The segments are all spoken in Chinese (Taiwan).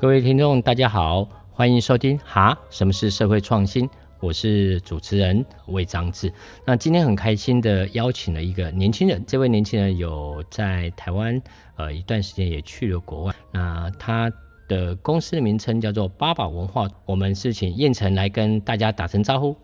各位聽眾，大家好，歡迎收聽《哈，什麼是社會創新？》我是主持人魏張志。那今天很開心的邀請了一個年輕人，這位年輕人有在台灣呃一段時間，也去了國外。那他的公司的名稱叫做八堡文化，我們是請彥成來跟大家打聲招呼。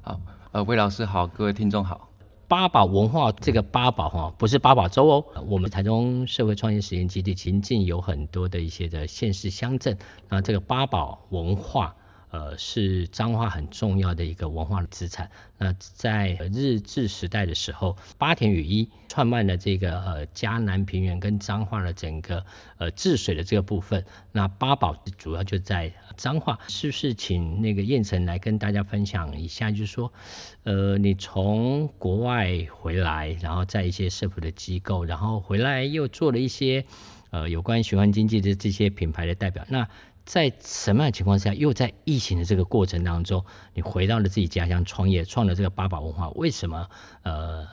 好，呃，魏老師好，各位聽眾好。八堡文化這個八堡哈，不是八寶粥哦。我們台中社會創新實驗基地，其實有很多的一些的縣市鄉鎮，那這個八堡文化。呃，是彰化很重要的一個文化的資產。那在日治時代的時候，八田與一創辦了這個呃嘉南平原跟彰化的整個呃治水的這個部分。那八堡主要就在彰化，是不是請那個彥成來跟大家分享一下？就是說，呃，你從國外回來，然後在一些社福的機構，然後回來又做了一些呃有關循環經濟的這些品牌的代表。那在什麼樣的情況下，又在疫情的這個過程當中，你回到了自己家鄉創業，創了這個八堡文化？為什麼？呃，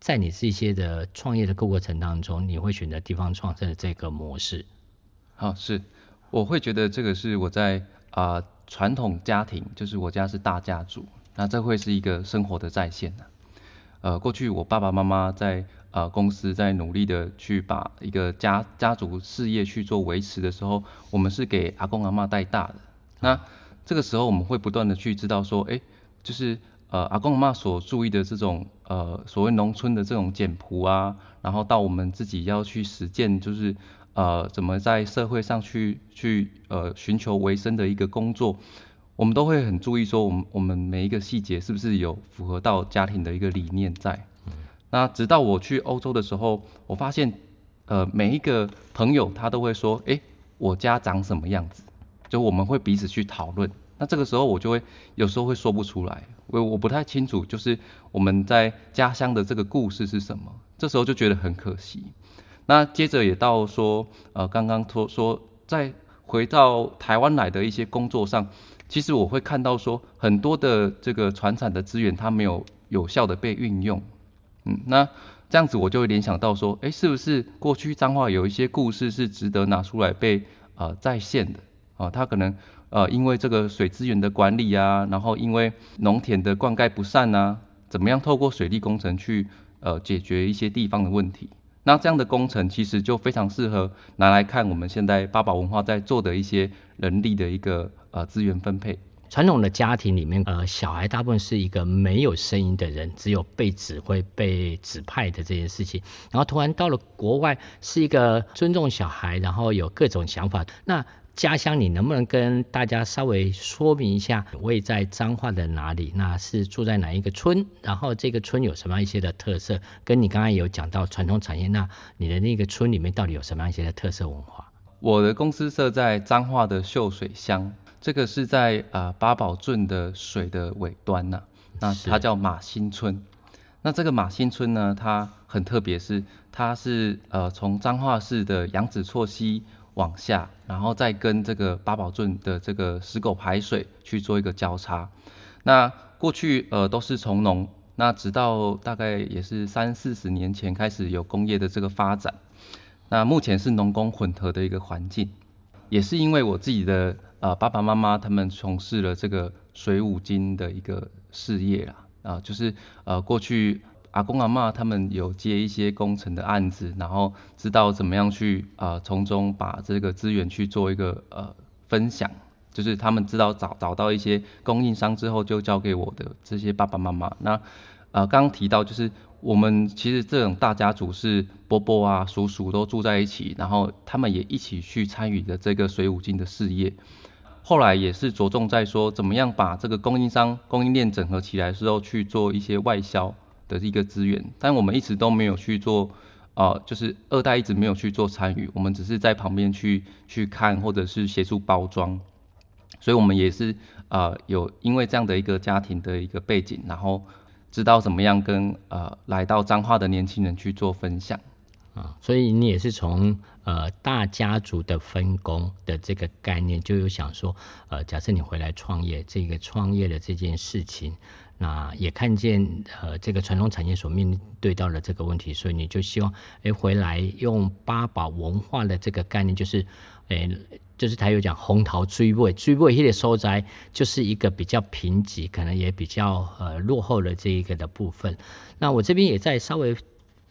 在你這些的創業的過程當中，你會選擇地方創生的這個模式？好、啊，是，我會覺得這個是我在啊傳、呃、統家庭，就是我家是大家族，那這會是一個生活的再現了。呃，過去我爸爸媽媽在。啊、呃，公司在努力的去把一個家家族事業去做維持的時候，我們是給阿公阿嬤帶大的。那這個時候，我們會不斷的去知道說，哎、欸，就是呃阿公阿嬤所注意的這種呃所謂農村的這種簡樸啊，然後到我們自己要去實踐，就是呃怎麼在社會上去去呃尋求維生的一個工作，我們都會很注意說，我們我們每一個細節是不是有符合到家庭的一個理念在。那直到我去歐洲的時候，我發現，呃，每一個朋友他都會說，哎、欸，我家長什麼樣子？就我們會彼此去討論。那這個時候我就會有時候會說不出來，我我不太清楚，就是我們在家鄉的這個故事是什麼。這時候就覺得很可惜。那接着也到說，呃，剛剛說說在回到台灣來的一些工作上，其實我會看到說很多的這個傳產的資源，它沒有有效的被運用。嗯，那這樣子我就會聯想到說，哎、欸，是不是過去彰化，有一些故事是值得拿出來被呃再現的啊？他、呃、可能呃因為這個水資源的管理啊，然後因為農田的灌溉不善吶、啊，怎麼樣透過水利工程去呃解決一些地方的問題？那這樣的工程其實就非常適合拿來看我們現在八堡文化在做的一些人力的一個呃資源分配。傳統的家庭裡面，呃，小孩大部分是一個沒有聲音的人，只有被指揮、被指派的這件事情。然後突然到了國外，是一個尊重小孩，然後有各種想法。那家鄉你能不能跟大家稍微說明一下，位在彰化的哪裡？那是住在哪一個村？然後這個村有什麼樣一些的特色？跟你剛剛有講到傳統產業，那你的那個村裡面到底有什麼樣一些的特色文化？我的公司設在彰化的秀水鄉。這個是在啊八堡圳的水的尾端吶，啊，那它叫馬興村。是那這個馬興村呢，它很特別是，它是呃從彰化市的洋子厝溪往下，然後再跟這個八堡圳的這個石狗排水去做一個交叉。那過去呃都是從農，那直到大概也是三四十年前開始有工業的這個發展，那目前是農工混合的一個環境，也是因為我自己的。啊、呃，爸爸媽媽他們從事了這個水五金的一個事業啦，啊、呃，就是呃，過去阿公阿嬤他們有接一些工程的案子，然後知道怎麼樣去啊，從、呃、中把這個資源去做一個呃分享，就是他們知道找找到一些供應商之後，就交給我的這些爸爸媽媽。那啊，剛、呃、剛提到就是我們其實這種大家族是伯伯啊、叔叔都住在一起，然後他們也一起去參與的這個水五金的事業。後來也是着重在說怎麼樣把這個供應商供應鏈整合起來，之後去做一些外銷的一個資源，但我們一直都沒有去做，啊、呃，就是二代一直沒有去做參與，我們只是在旁邊去去看或者是協助包裝，所以我們也是啊、呃、有因為這樣的一個家庭的一個背景，然後知道怎麼樣跟呃來到彰化的年輕人去做分享。啊、所以你也是從呃大家族的分工的這個概念，就有想說，呃，假設你回來創業，這個創業的這件事情，那也看見呃這個傳統產業所面對到了這個問題，所以你就希望，誒、欸，回來用八堡文化的這個概念、就是欸，就是，誒，就是他有講紅桃追尾，追尾的些所在，就是一個比較貧瘠，可能也比較呃落後的這一個的部分。那我這邊也在稍微。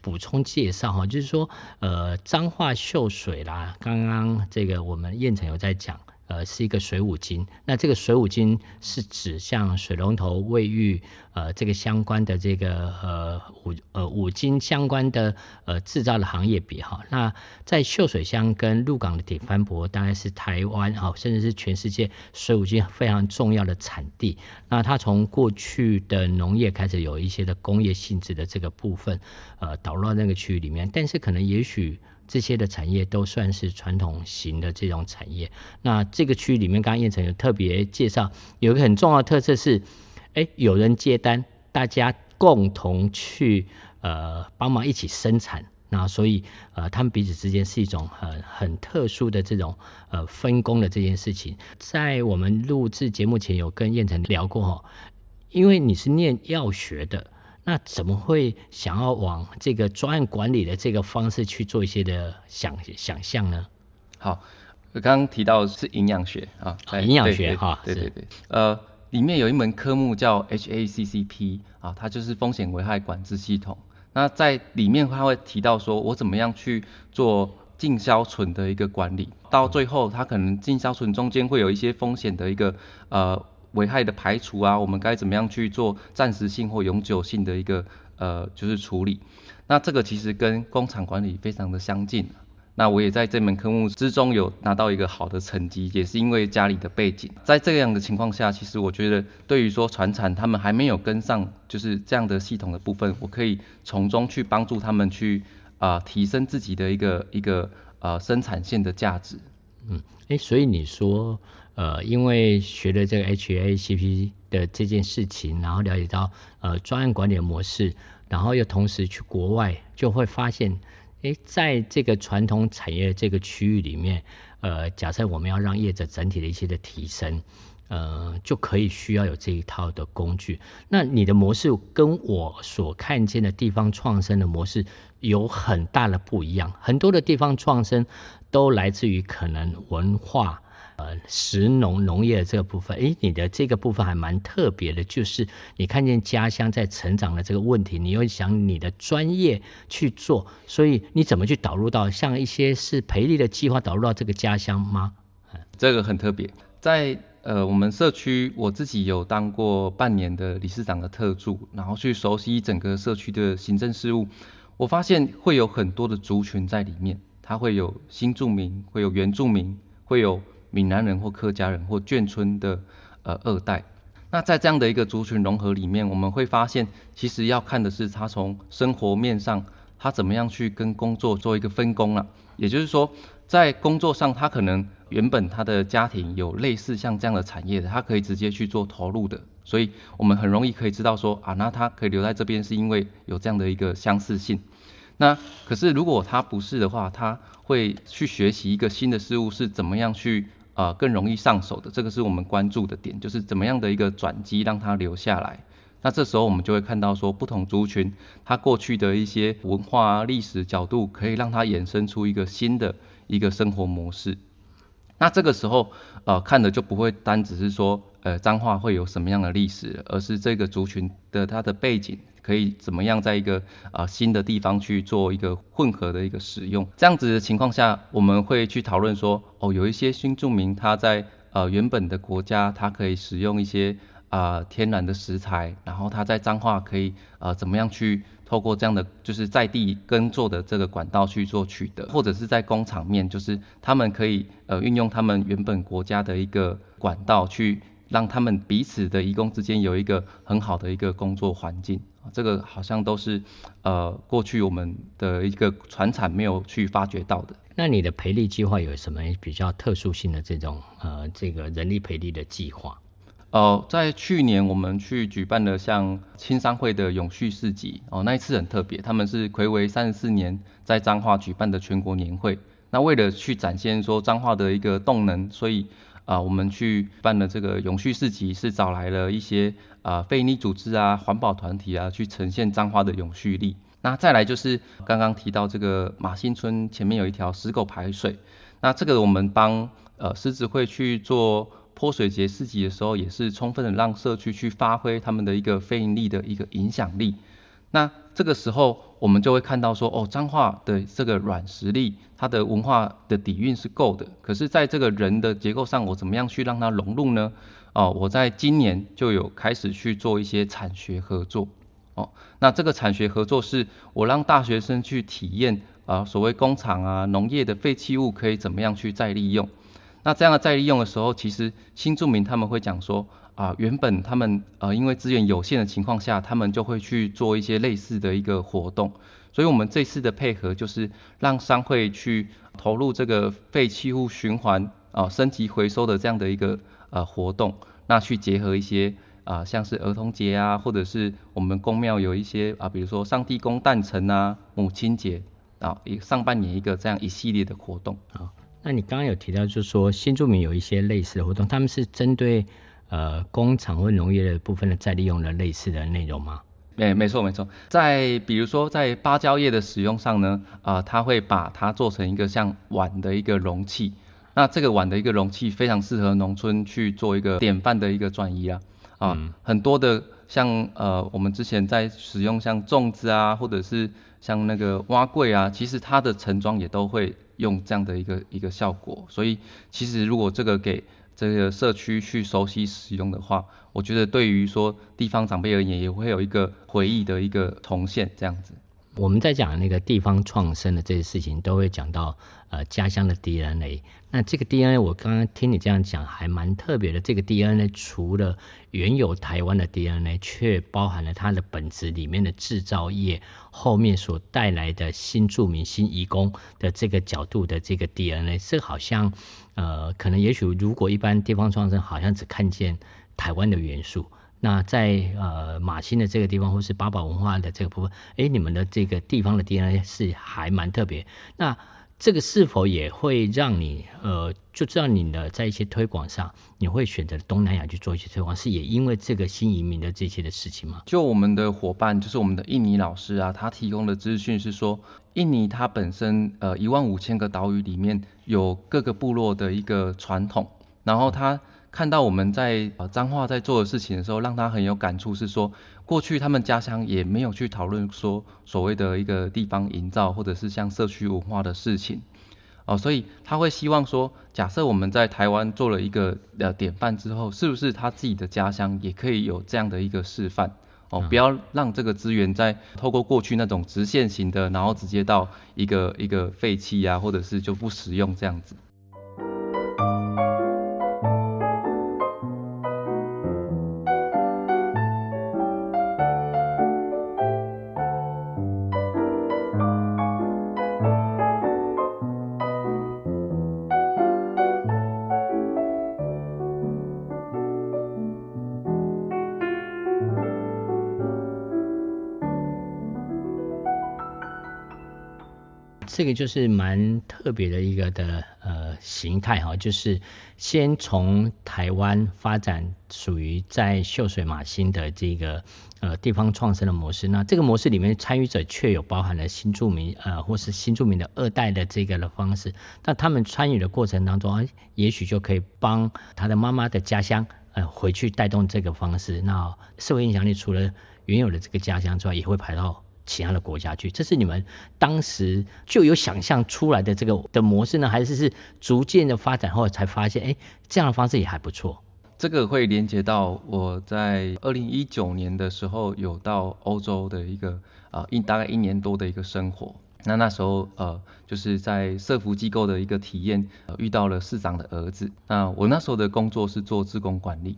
補充介紹哈，就是說，呃，彰化秀水啦，剛剛這個我們彥成有在講。呃，是一個水五金，那這個水五金是指像水龍頭、衛浴，呃，這個相關的這個呃，五呃五金相關的呃製造的行業比哈、哦，那在秀水鄉跟鹿港的鐵番婆，當然是台灣哈、哦，甚至是全世界水五金非常重要的產地。那它從過去的農業開始有一些的工業性質的這個部分，呃，導入那個區域裡面，但是可能也許。這些的產業都算是傳統型的這種產業。那這個區裡面，剛剛彥成有特別介紹，有一個很重要的特色是，哎，有人接單，大家共同去呃幫忙一起生產。那所以呃，他們彼此之間是一種很、呃、很特殊的這種呃分工的這件事情。在我們錄製節目前，有跟彥成聊過，因為你是念藥學的。那怎麼會想要往這個專案管理的這個方式去做一些的想想象呢？好，剛剛提到是營養學啊，營養學哈，對對對，哦、呃，裡面有一門科目叫 HACCP 啊、呃，它就是風險危害管制系統。那在裡面它會提到說我怎麼樣去做進銷存的一個管理，嗯、到最後它可能進銷存中間會有一些風險的一個呃。危害的排除啊，我們該怎麼樣去做暫時性或永久性的一個呃，就是處理？那這個其實跟工廠管理非常的相近。那我也在這門科目之中有拿到一個好的成績，也是因為家裡的背景。在這樣的情況下，其實我覺得對於說傳產他們還沒有跟上，就是這樣的系統的部分，我可以從中去幫助他們去啊、呃、提升自己的一個一個呃生產線的價值。嗯，誒、欸，所以你說。呃，因為學了這個 HACCP 的這件事情，然後了解到呃專案管理的模式，然後又同時去國外，就會發現，哎、欸，在這個傳統產業這個區域裡面，呃，假設我們要讓業者整體的一些的提升，呃，就可以需要有這一套的工具。那你的模式跟我所看見的地方創生的模式有很大的不一樣，很多的地方創生都來自於可能文化。呃，食農農業的這個部分，哎、欸，你的這個部分還蠻特別的，就是你看見家鄉在成長的這個問題，你又想你的專業去做，所以你怎麼去導入到像一些是培力的計劃導入到這個家鄉嗎？這個很特別，在呃我們社區，我自己有當過半年的理事長的特助，然後去熟悉整個社區的行政事務，我發現會有很多的族群在裡面，它會有新住民，會有原住民，會有，閩南人或客家人或眷村的呃二代，那在這樣的一個族群融合裡面，我們會發現，其實要看的是他從生活面上，他怎麼樣去跟工作做一個分工了啊。也就是說，在工作上，他可能原本他的家庭有類似像這樣的產業的，他可以直接去做投入的，所以我們很容易可以知道說啊，那他可以留在這邊是因為有這樣的一個相似性。那可是如果他不是的話，他會去學習一個新的事物是怎麼樣去。啊、呃，更容易上手的，這個是我們關注的點，就是怎麼樣的一個轉機讓它留下來。那這時候我們就會看到說，不同族群它過去的一些文化歷史角度，可以讓它衍生出一個新的一個生活模式。那這個時候，呃，看的就不會單只是說，呃，彰化會有什麼樣的歷史，而是這個族群的它的背景。可以怎麼樣，在一個呃新的地方去做一個混合的一個使用？這樣子的情況下，我們會去討論說，哦，有一些新住民他在呃原本的國家，他可以使用一些呃天然的食材，然後他在彰化可以呃怎麼樣去透過這樣的就是在地耕作的這個管道去做取得，或者是在工廠面，就是他們可以呃運用他們原本國家的一個管道，去讓他們彼此的移工之間有一個很好的一個工作環境。這個好像都是，呃，過去我們的一個傳產沒有去發掘到的。那你的培力計劃有什麼比較特殊性的這種呃這個人力培力的計劃？呃，在去年我們去舉辦了像青商會的永續市集，哦、呃，那一次很特別，他們是睽違三十四年在彰化舉辦的全國年會。那為了去展現說彰化的一個動能，所以。啊、呃，我們去辦了這個永續市集，是找來了一些啊、呃、非營利組織啊、環保團體啊，去呈現彰化的永續力。那再來就是剛剛提到這個馬興村前面有一條石狗排水，那這個我們幫呃獅子會去做潑水節市集的時候，也是充分的讓社區去發揮他們的一個非盈利的一個影響力。那這個時候。我們就會看到說，哦，彰化的這個軟實力，它的文化的底蘊是夠的。可是，在這個人的結構上，我怎麼樣去讓它融入呢？哦，我在今年就有開始去做一些產學合作。哦，那這個產學合作是我讓大學生去體驗啊，所謂工廠啊、農業的廢棄物可以怎麼樣去再利用。那這樣的再利用的時候，其實新住民他們會講說。啊，原本他們呃，因為資源有限的情況下，他們就會去做一些類似的一個活動。所以，我們這次的配合就是讓商會去投入這個廢棄物循環啊、升級回收的這樣的一個呃、啊、活動，那去結合一些啊，像是兒童節啊，或者是我們宮廟有一些啊，比如說上帝公誕辰啊、母親節啊，上半年一個這樣一系列的活動啊。那你剛剛有提到，就是說新住民有一些類似的活動，他們是針對。呃，工廠或農業的部分呢，再利用的類似的內容嗎？哎、欸，沒錯沒錯，在比如說在芭蕉葉的使用上呢，啊、呃，它會把它做成一個像碗的一個容器，那這個碗的一個容器非常適合農村去做一個典範的一個轉移啊，啊、呃，嗯、很多的像呃，我們之前在使用像粽子啊，或者是像那個碗粿啊，其實它的盛裝也都會用這樣的一個一個效果，所以其實如果這個給這個社區去熟悉使用的話，我覺得對於說地方長輩而言，也會有一個回憶的一個重現，這樣子。我們在講那個地方創生的這些事情，都會講到呃家鄉的 DNA。那這個 DNA，我剛剛聽你這樣講，還蠻特別的。這個 DNA 除了原有台灣的 DNA，卻包含了它的本質裡面的制造業後面所帶來的新住民、新移工的這個角度的這個 DNA。這好像呃，可能也許如果一般地方創生好像只看見台灣的元素。那在呃馬興的這個地方，或是八堡文化的這個部分，哎，你們的這個地方的 DNA 是還蠻特別。那這個是否也會讓你呃，就讓你的在一些推廣上，你會選擇東南亞去做一些推廣，是也因為這個新移民的這些的事情嗎？就我們的夥伴，就是我們的印尼老師啊，他提供的資訊是說，印尼它本身呃一萬五千個島嶼裡面有各個部落的一個傳統，然後它。看到我們在呃彰化、在做的事情的時候，讓他很有感觸，是說過去他們家鄉也沒有去討論說所謂的一個地方營造，或者是像社區文化的事情，哦、呃，所以他會希望說，假設我們在台灣做了一個呃典範之後，是不是他自己的家鄉也可以有這樣的一個示範，哦、呃，嗯、不要讓這個資源再透過過去那種直線型的，然後直接到一個一個廢棄啊，或者是就不使用這樣子。這個就是蠻特別的一個的呃形態哈、哦，就是先從台灣發展屬於在秀水馬新的這個呃地方創生的模式，那這個模式裡面參與者卻有包含了新住民呃或是新住民的二代的這個的方式，那他們參與的過程當中，啊、也許就可以幫他的媽媽的家鄉呃回去帶動這個方式，那、哦、社會影響力除了原有的這個家鄉之外，也會排到。其他的國家去，這是你們當時就有想象出來的這個的模式呢，還是是逐漸的發展後才發現，哎，這樣的方式也還不錯。這個會連接到我在二零一九年的時候有到歐洲的一個呃，一大概一年多的一個生活。那那時候呃就是在社福機構的一個體驗，呃，遇到了市長的兒子。那我那時候的工作是做志工管理。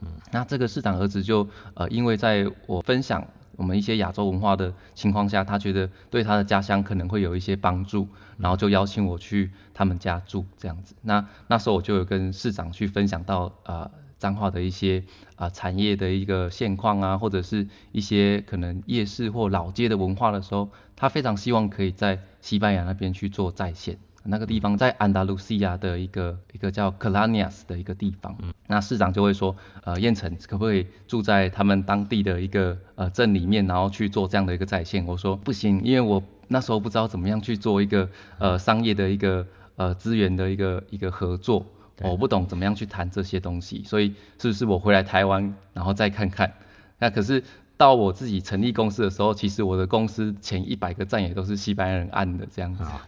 嗯，那這個市長兒子就呃因為在我分享。我們一些亞洲文化的情況下，他覺得對他的家鄉可能會有一些幫助，然後就邀請我去他們家住這樣子。那那時候我就有跟市長去分享到啊、呃，彰化的一些啊、呃、產業的一個現況啊，或者是一些可能夜市或老街的文化的時候，他非常希望可以在西班牙那邊去做再現。那個地方在安達盧西亞的一個一個叫克拉尼亞斯的一個地方，嗯、那市長就會說，呃，彥成可不可以住在他們當地的一個呃鎮裡面，然後去做這樣的一個在線？我說不行，因為我那時候不知道怎麼樣去做一個呃商業的一個呃資源的一個一個合作，嗯、我不懂怎麼樣去談這些東西，所以是不是我回來台灣然後再看看？那可是。到我自己成立公司的時候，其實我的公司前一百個讚，也都是西班牙人按的這樣子，好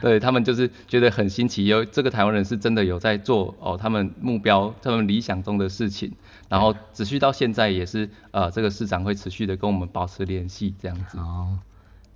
對他們就是覺得很新奇，因為這個台灣人是真的有在做哦，他們目標、他們理想中的事情，然後持續到現在也是，呃，這個市場會持續的跟我們保持聯繫這樣子。哦，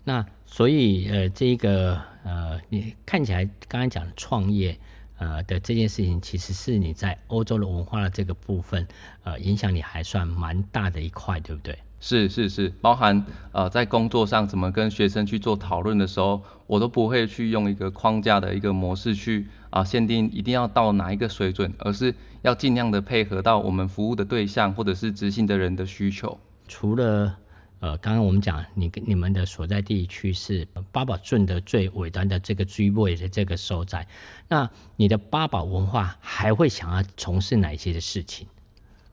那所以呃，這個呃，你看起來剛剛講創業呃的這件事情，其實是你在歐洲的文化的這個部分，呃，影響你還算蠻大的一塊，對不對？是是是，包含呃，在工作上怎麼跟學生去做討論的時候，我都不會去用一個框架的一個模式去啊、呃、限定一定要到哪一個水準，而是要盡量的配合到我們服務的對象或者是執行的人的需求。除了呃，剛剛我們講你跟你們的所在地區是八堡圳的最尾端的這個最尾的這個所在，那你的八堡文化還會想要從事哪些的事情？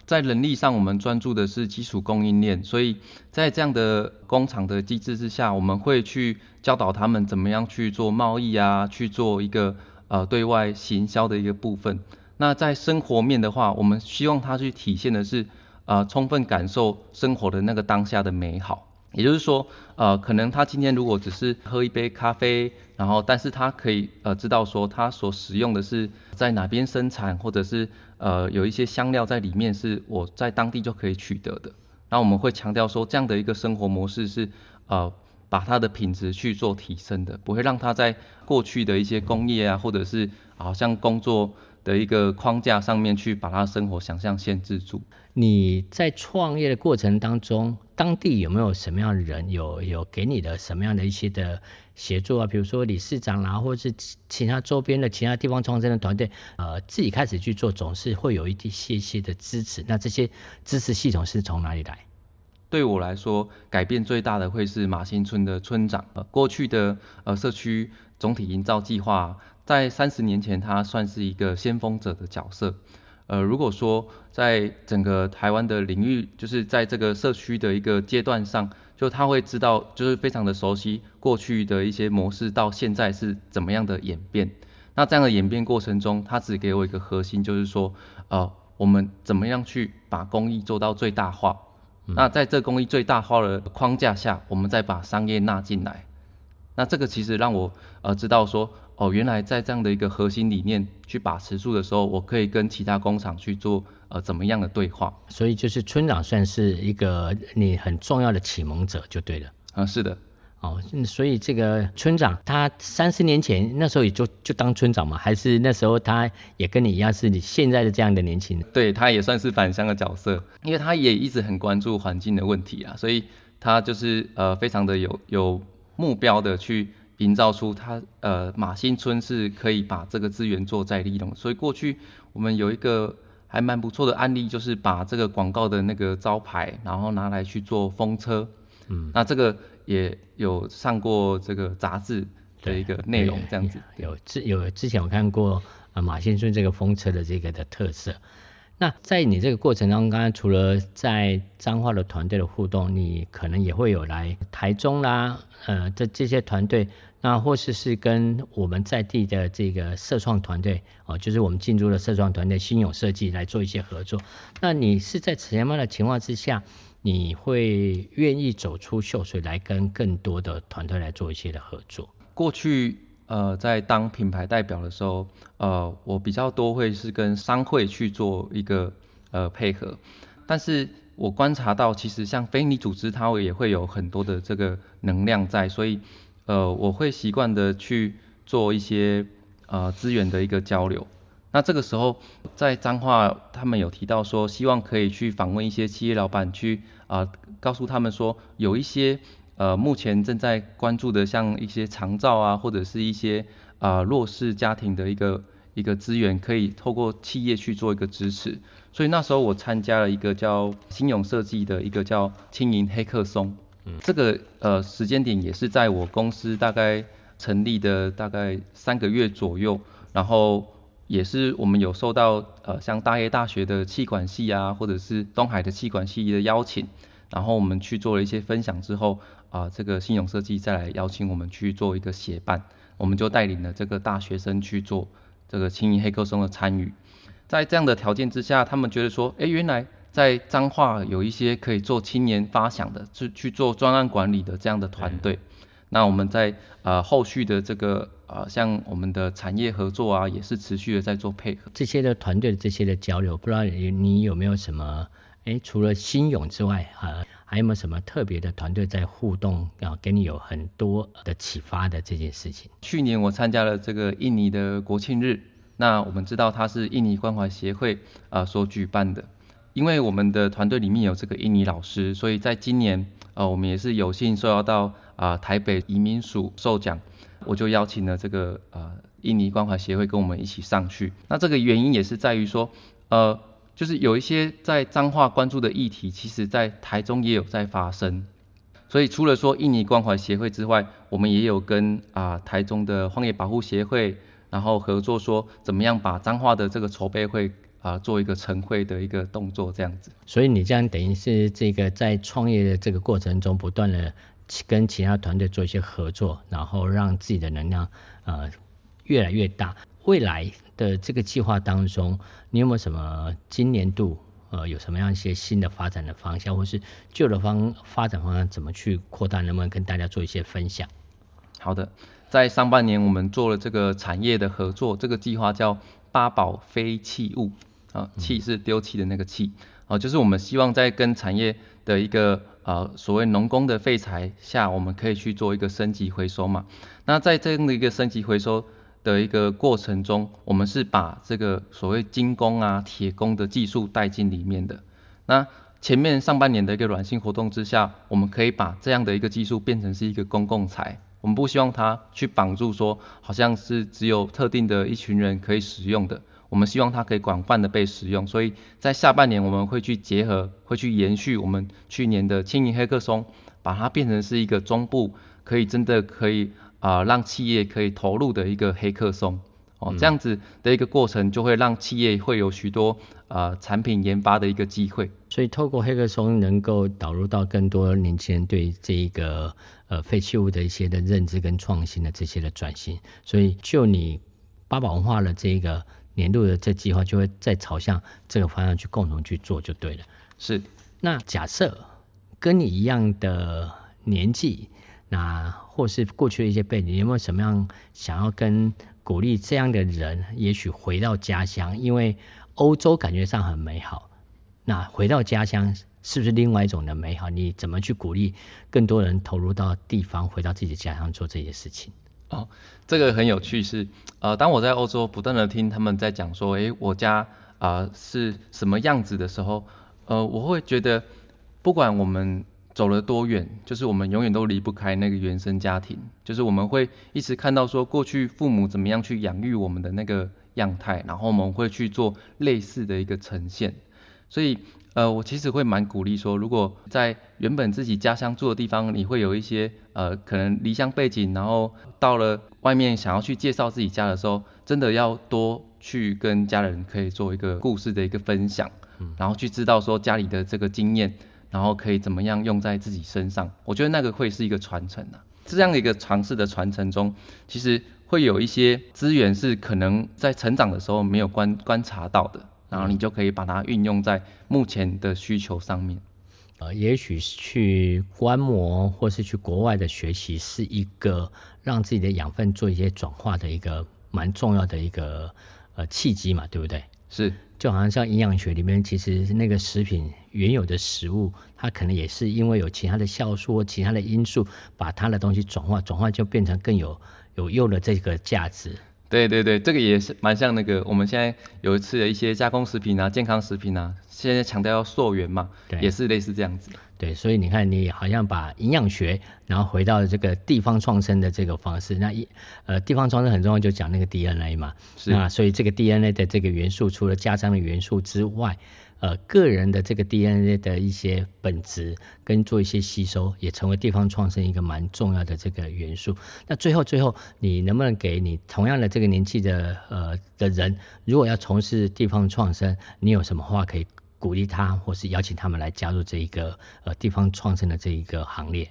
在能力上，我們專注的是基礎供應鏈，所以在這樣的工廠的機制之下，我們會去教導他們怎麼樣去做貿易啊，去做一個呃對外行銷的一個部分。那在生活面的話，我們希望他去體現的是，呃，充分感受生活的那個當下的美好。也就是說，呃，可能他今天如果只是喝一杯咖啡，然後但是他可以呃知道說他所使用的是在哪邊生產，或者是呃有一些香料在裡面，是我在當地就可以取得的。那我們會強調說這樣的一個生活模式是呃把它的品質去做提升的，不會讓他在過去的一些工業啊，或者是好像工作。的一個框架上面去把他生活想象限制住。你在創業的過程當中，當地有沒有什麼樣的人有有給你的什麼樣的一些的協助啊？比如說理事長啊，或者是其他周邊的其他地方創生的團隊，呃，自己開始去做，總是會有一些一些的支持。那這些支持系統是從哪裡來？對我來說，改變最大的會是馬新村的村長。呃，過去的呃，社區總體營造計劃。在三十年前，他算是一個先鋒者的角色。呃，如果說在整個台灣的領域，就是在這個社區的一個階段上，就他會知道，就是非常的熟悉過去的一些模式，到現在是怎麼樣的演變。那這樣的演變過程中，他只給我一個核心，就是說，呃，我們怎麼樣去把公益做到最大化。那在這公益最大化的框架下，我們再把商業納進來。那這個其實讓我呃知道說。哦，原來在這樣的一個核心理念去把持住的時候，我可以跟其他工廠去做呃怎麼樣的對話？所以就是村長算是一個你很重要的啟蒙者就對了。嗯，是的。哦，所以這個村長他三十年前那時候也就就當村長嘛，還是那時候他也跟你一樣是你現在的這樣的年輕人，對，他也算是返鄉的角色，因為他也一直很關注環境的問題啊，所以他就是呃非常的有有目標的去。營造出它呃馬興村是可以把這個資源做再利用，所以過去我們有一個還蠻不錯的案例，就是把這個廣告的那個招牌，然後拿來去做風車，嗯，那這個也有上過這個雜誌的一個內容，這樣子，欸欸欸、有之有之前有看過、呃、馬興村這個風車的這個的特色，那在你這個過程當中，除了在彰化的團隊的互動，你可能也會有來台中啦，呃這這些團隊。那或是是跟我們在地的這個社創團隊哦，就是我們進入了社創團隊新有設計來做一些合作。那你是在什麼樣的情況之下，你會願意走出秀水來跟更多的團隊來做一些的合作？過去呃，在當品牌代表的時候，呃，我比較多會是跟商會去做一個呃配合，但是我觀察到其實像非營利組織它也會有很多的這個能量在，所以。呃，我會習慣的去做一些呃資源的一個交流。那這個時候，在彰化他們有提到說，希望可以去訪問一些企業老闆，去啊、呃、告訴他們說，有一些呃目前正在關注的，像一些長照啊，或者是一些啊、呃、弱勢家庭的一個一個資源，可以透過企業去做一個支持。所以那時候我參加了一個叫新勇設計的一個叫青銀黑客松。這個呃時間點也是在我公司大概成立的大概三個月左右，然後也是我們有受到呃像大葉大學的企管系啊，或者是東海的企管系的邀請，然後我們去做了一些分享之後，啊、呃、這個信用設計再來邀請我們去做一個協辦，我們就帶領了這個大學生去做這個青年黑客松的參與，在這樣的條件之下，他們覺得說，哎原來。在彰化有一些可以做青年發想的，去去做專案管理的這樣的團隊。對那我們在呃後續的這個呃像我們的產業合作啊，也是持續的在做配合這些的團隊這些的交流。不知道你你有沒有什麼？誒，除了心勇之外啊，還有沒有什麼特別的團隊在互動啊？給你有很多的啟發的這件事情。去年我參加了這個印尼的國慶日，那我們知道它是印尼關懷協會啊、呃、所舉辦的。因為我們的團隊裡面有這個印尼老師，所以在今年，呃，我們也是有幸受邀到啊、呃、台北移民署授獎，我就邀請了這個呃印尼關懷協會跟我們一起上去。那這個原因也是在於說，呃，就是有一些在彰化關注的議題，其實在台中也有在發生，所以除了說印尼關懷協會之外，我們也有跟啊、呃、台中的荒野保護協會，然後合作說怎麼樣把彰化的這個籌備會。啊，做一個晨會的一個動作，這樣子。所以你這樣等於是這個在創業的這個過程中，不斷的跟其他團隊做一些合作，然後讓自己的能量呃越來越大。未來的這個計劃當中，你有沒有什麼？今年度呃有什麼樣一些新的發展的方向，或是舊的方發展方向怎麼去擴大？能不能跟大家做一些分享？好的，在上半年我們做了這個產業的合作，這個計劃叫八寶廢棄物。啊，棄是丟棄的那個棄，啊，就是我們希望在跟產業的一個呃、啊、所謂農工的廢材下，我們可以去做一個升級回收嘛。那在這樣的一個升級回收的一個過程中，我們是把這個所謂金工啊、鐵工的技術帶進裡面的。那前面上半年的一個軟性活動之下，我們可以把這樣的一個技術變成是一個公共財，我們不希望它去綁住說，說好像是只有特定的一群人可以使用的。我們希望它可以廣泛的被使用，所以在下半年我們會去結合，會去延續我們去年的青銀黑客松，把它變成是一個中部可以真的可以啊、呃、讓企業可以投入的一個黑客松哦，這樣子的一個過程就會讓企業會有許多啊、呃、產品研發的一個機會。嗯、所以透過黑客松能夠導入到更多年輕人對這一個呃廢棄物的一些的認知跟創新的這些的轉型。所以就你八堡文化的這個。年度的這計劃就會再朝向這個方向去共同去做就對了。是,那假設跟你一樣的年紀，那或是過去的一些背景，你有沒有什麼樣想要跟鼓勵這樣的人，也許回到家鄉，因為歐洲感覺上很美好。那回到家鄉是不是另外一種的美好？你怎麼去鼓勵更多人投入到地方，回到自己的家鄉做這些事情？哦，這個很有趣是，是、呃、啊，當我在歐洲不斷的聽他們在講說，哎、欸，我家啊、呃、是什麼樣子的時候，呃，我會覺得不管我們走了多遠，就是我們永遠都離不開那個原生家庭，就是我們會一直看到說過去父母怎麼樣去養育我們的那個樣態，然後我們會去做類似的一個呈現，所以。呃，我其實會蠻鼓勵說，如果在原本自己家鄉住的地方，你會有一些呃，可能離鄉背景，然後到了外面想要去介紹自己家的時候，真的要多去跟家人可以做一個故事的一個分享，然後去知道說家裡的這個經驗，然後可以怎麼樣用在自己身上。我覺得那個會是一個傳承啊，這樣的一個嘗試的傳承中，其實會有一些資源是可能在成長的時候沒有觀觀察到的。然後你就可以把它運用在目前的需求上面，呃、嗯，也許去觀摩或是去國外的學習是一個讓自己的養分做一些轉化的一個蠻重要的一個呃契機嘛，對不對？是，就好像像營養學裡面，其實那個食品原有的食物，它可能也是因為有其他的酵素或其他的因素，把它的東西轉化，轉化就變成更有有用的這個價值。對對對，這個也是蠻像那個，我們現在有吃的一些加工食品啊、健康食品啊，現在強調要溯源嘛，對也是類似這樣子。對，所以你看，你好像把營養學，然後回到這個地方創生的這個方式，那一呃地方創生很重要，就講那個 DNA 嘛，啊是，所以這個 DNA 的這個元素，除了家鄉的元素之外。呃，個人的這個 DNA 的一些本質，跟做一些吸收，也成為地方創生一個蠻重要的這個元素。那最後最後，你能不能給你同樣的這個年紀的呃的人，如果要從事地方創生，你有什麼話可以鼓勵他，或是邀請他們來加入這一個呃地方創生的這一個行列？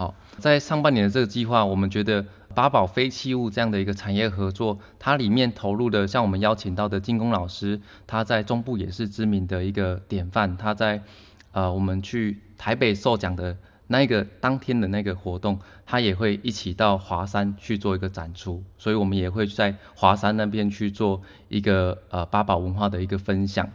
好，在上半年的這個計劃，我們覺得八堡廢棄物這樣的一個產業合作，它裡面投入的像我們邀請到的金工老師，他在中部也是知名的一個典範。他在呃，我們去台北受獎的那個當天的那個活動，他也會一起到華山去做一個展出，所以我們也會在華山那邊去做一個呃八堡文化的一個分享。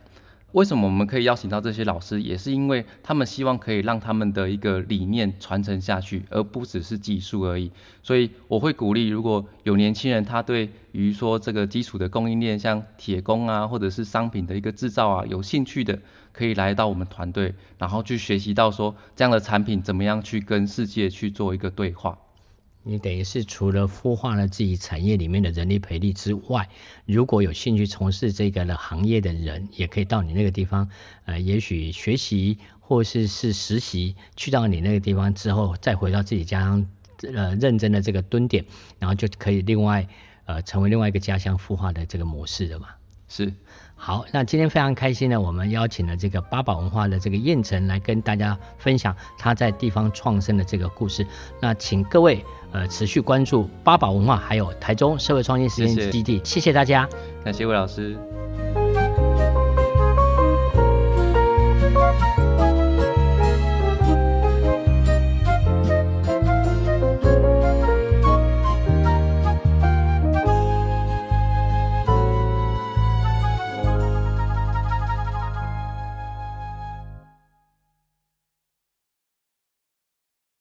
為什麼我們可以邀請到這些老師？也是因為他們希望可以讓他們的一個理念傳承下去，而不只是技術而已。所以我會鼓勵，如果有年輕人他對於說這個基礎的供應鏈，像鐵工啊，或者是商品的一個制造啊，有興趣的，可以來到我們團隊，然後去學習到說這樣的產品怎麼樣去跟世界去做一個對話。你等於是除了孵化了自己產業裡面的人力培力之外，如果有興趣從事這個的行業的人，也可以到你那個地方，呃，也許學習或是是實習，去到你那個地方之後，再回到自己家鄉，呃，認真的這個蹲點，然後就可以另外，呃，成為另外一個家鄉孵化的這個模式的嘛。是。好，那今天非常開心呢，我們邀請了這個八堡文化的這個彥成來跟大家分享他在地方創生的這個故事。那請各位呃持續關注八堡文化，還有台中社會創新實驗基地。謝謝，謝謝大家，感謝魏老師。